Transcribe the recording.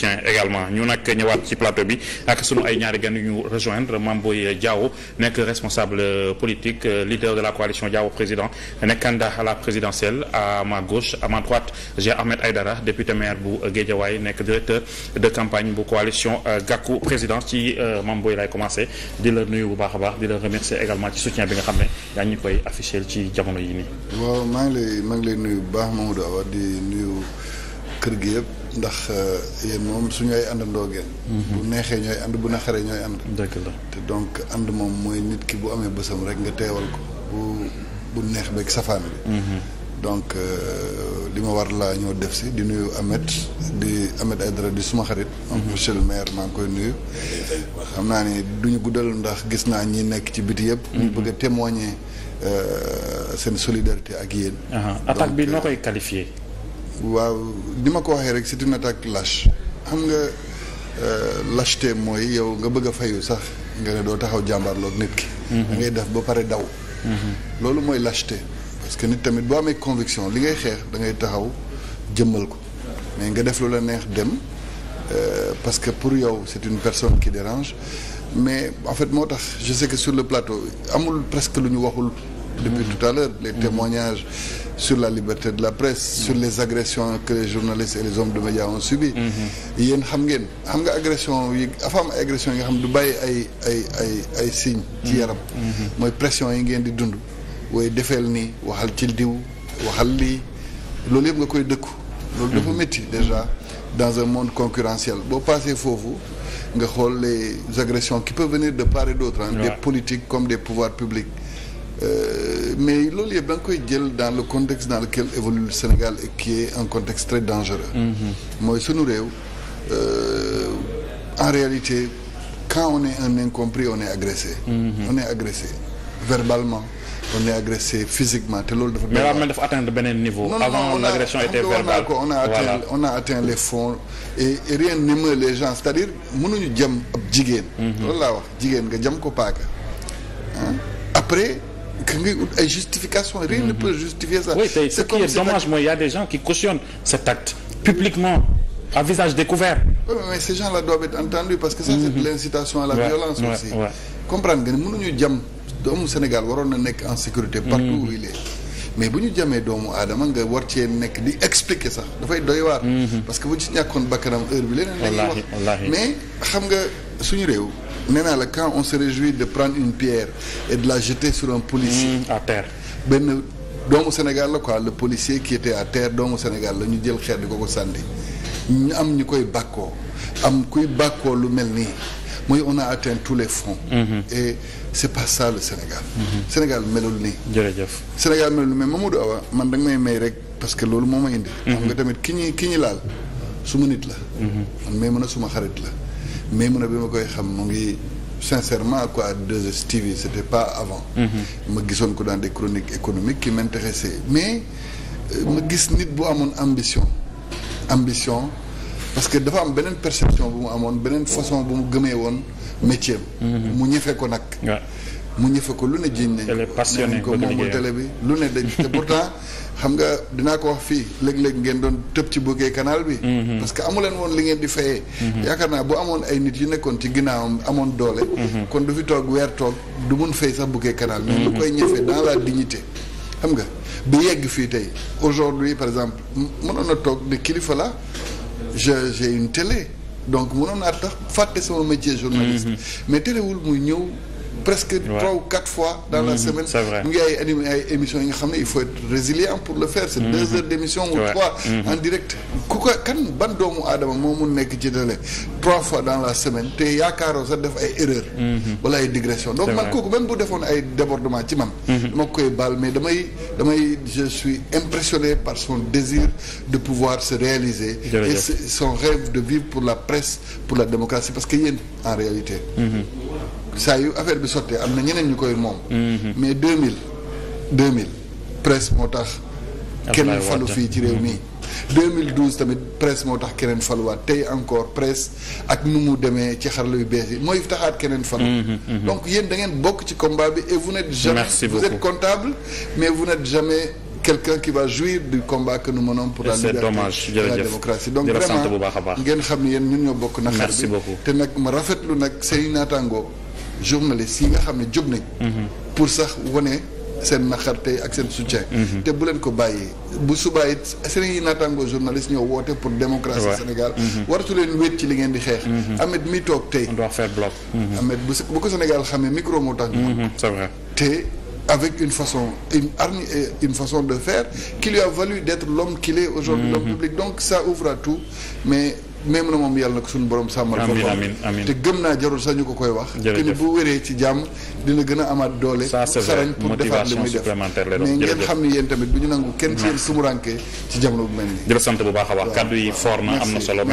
tien également ñu nag ñëwaat ci plateau bi ak sunu ay ñaari gan yu ñu rejoindre Mame Boye Diao nekk responsable euh, politique euh, leader de la coalition Diao président nekk candidat à la présidentielle à ma gauche à ma droite j'ai Ahmed Aïdara député maire bu Guédiawaye nekk directeur de campagne bu coalition euh, Gakou président ci Mame lay commencé di la nuyu bu baax baax di la remercier également ci soutien bi nga xam ne yaa ngi koy affiché ci jamono yi nii. waaw kër gi yëpp ndax euh, yéen moom suñu ay àndandoo ngeen. Mhm. bu neexee ñooy ànd bu naxaree ñooy ànd. dëgg la te donc ànd moom mooy nit ki bu amee bësam rek nga teewal ko bu bu neex beeg safaan bi. Mhm. donc euh, li ma war laa ñëw def si di nuyu Ahmed di Ahmed Aïdara di suma xarit. Mhm. monsieur le maa ngi koy nuyu. xam naa ni duñu guddal ndax gis naa ñi nekk ci biti yëpp. ñu bëgg a témoigner euh, seen solidarité ak yéen. attaque bi noo koy qualifier waaw ni ma ko waxee rek c'est une attaque lâche xam nga euh, lâcheté mooy yow nga bëgg a fayu sax nga ne doo taxaw jàmbaarloog nit ki. da mhm. def ba pare daw. Mhm. loolu mooy lâcheté parce que nit tamit boo amee conviction li ngay xeex da ngay taxaw jëmmal ko mais nga def lu la neex dem euh, parce que pour yow c'est une personne qui dérange mais en fait moo tax je sais que sur le plateau amul presque lu ñu waxul. depuis tout à l'heure les témoignages sur la liberté de la presse mm-hmm. sur les agressions que les journalistes et les hommes de médias ont subi mm-hmm. yéen xam ngeen xam nga agression yi afa am ay agression yi nga xam du bàyyi ay ay ay ay signe ci mm-hmm. yaram mooy pression yi ngeen di dund way defeel nii waxal ci diw waxal lii loolu yëpp nga koy dëkku loolu dafa métti déjà dans un monde concurrentiel boo passé foofu nga xool les agressions qui peuvent venir de part et comme des pouvoirs publics Euh, mais loolu yëpp da nga koy jël dans le contexte dans lequel évolue le Sénégal et qui est un contexte très dangereux. Mm-hmm. mooy sunu réew euh, en réalité quand on est un incompris on est agressé. Mm-hmm. on est agressé verbalement. on est agressé physiquement te loolu dafa. mais dafa dafa atteindre beneen niveau. avant l' agression était verbale on a atteint voilà. on a les fonds et, et rien n'émeut les gens à dire mënuñu jëm ab jigéen. Mm-hmm. loolu laa wax jigéen nga jëm ko paaka après. que ngay ut ay justification rien ne mhm. peut justifier ça. ce qui est dommage mooy y des gens qui cautionnent cet acte publiquement à visage découvert. oui gens là doivent être parce que ça c'est de mhm. l'incitation à la violence aussi comprendre nga ne mënuñu jam doomu Sénégal waroon na nekk en sécurité mhm. partout où il est mais bu ñu jamee doomu aadama nga war cee nekk di expliquer sax dafay doy waar parce que bu ci bakkanam heure bi leneen lañuy wax mais xam nga suñu réew nee la quand on se réjouit de prendre une pierre et de la jeter sur un policier mm, à terre benn doomu Sénégal la quoi le policier qui était à terre doomu Sénégal la ñu jël xeer di ko ko sànni ñu am ñu koy bàkkoo am kuy bàkkoo lu mel nii mooy on a atteint tous les fonds mmh. et c'est pas ça le Sénégal mmh. Sénégal melul nii jërëjëf Sénégal melul nii mais Mamadou Awa man da may may rek parce que loolu moo ma indi mm-hmm. xam nga tamit ki ñuy ki ñu laal suma nit la mm-hmm. man mais suma xarit la mais Maïmouna bi ma koy xam mu ngi sincèrement quoi 2STV c'était pas avant ma gisoon ko dans des chroniques économiques qui m'intéressaient mais euh, ma gis nit bu amoon ambition ambition parce que dafa am beneen perception bu mu amoon beneen façon bu mu gëmee woon métier mhm. mu ñëfe ko nag mu ñëfe ko lu ne jiiñ nañ nañ ko moomul télé bi lu ne dañ te pourtant xam nga dinaa ko wax fii léeg-léeg ngeen doon tëb ci buggee kanaal bi mhm. parce que amuleen woon li ngeen di fayee mhm. yaakaar naa bu amoon ay nit yu nekkoon ci ginnaawam amoon doole mhm. kon du fi toog weer toog du mun fay sax buggee canal mais lu koy ñëfe dans la dignité xam nga bi yegg fii tey aujourd'hui par exemple mënoon na toog ni kilifa la je j'ai une télé donc mënoon naa tax fàtte sama métier journaliste mais téléwul muy ñëw presque trois ou quatre fois dans la mm-hmm. semaine mu ngi ay animé ay émissions yi nga xam ne il faut être résilient pour le faire c'est deux mm-hmm. heures d'émission ou trois mm-hmm. en direct ku ko kan ban doomu aadama moo mun nekk ci délai trois fois dans la semaine te yaakaaroo sax def ay erreur wala ay digression donc man kooku même bu defoon ay débordement ci man dama koy baal mais damay damay je suis impressionné par son désir de pouvoir se réaliser et son rêve de vivre pour la presse pour la démocratie parce que yéen en saa yu affaire bi sottee am na ñeneen ñu koy moom. Mhm. mais 2000 2000 presse moo tax. keneen falu fii ci réew mii. Mhm. 2012 tamit presse moo tax keneen faluwaat tey encore presse ak nu mu demee ci xarala yu bees yi mooy taxaat keneen falu. Mhm, donc yéen da ngeen bokk ci combat bi et vous n'êtes jamais vous êtes comptable mais vous n'êtes jamais quelqu'un qui va jouir du combat que nous menons pour la liberté dommage, et la démocratie donc vraiment ngeen xam ne yéen ñun ñoo bokk na naqar bi te nag ma rafetlu nag say naataangoo journalistes yi nga xam ne jóg nañ. Mhm. pour sax wane seen naqar tey ak seen soutien. Mhm. te bu leen ko bàyyee bu subaa it seen i ñoo woote pour démocratie Sénégal. Mhm. waratu leen wéet ci li ngeen di xeex. Ahmed mi toog tey. on doit faire bu ko Sénégal xamee micro moo tax. c'est vrai te. avec une façon une arme une façon de faire qui lui a valu d'être l'homme qu'il est public donc ça ouvre tout mais même na moom yàlla na ko suñu borom sàmmal foofu te gëm naa jarul sax ñu ko koy wax te ni bu wéree ci jàmm dina gën a amaat doole sarañ pour defaat li muy def mais ngeen xam ni yéen tamit bu ñu nangu kenn ci yéen sumuranke ci jamono bu mel nii jërëjëf sant bu baax a wax kaddu yi foor na am na solo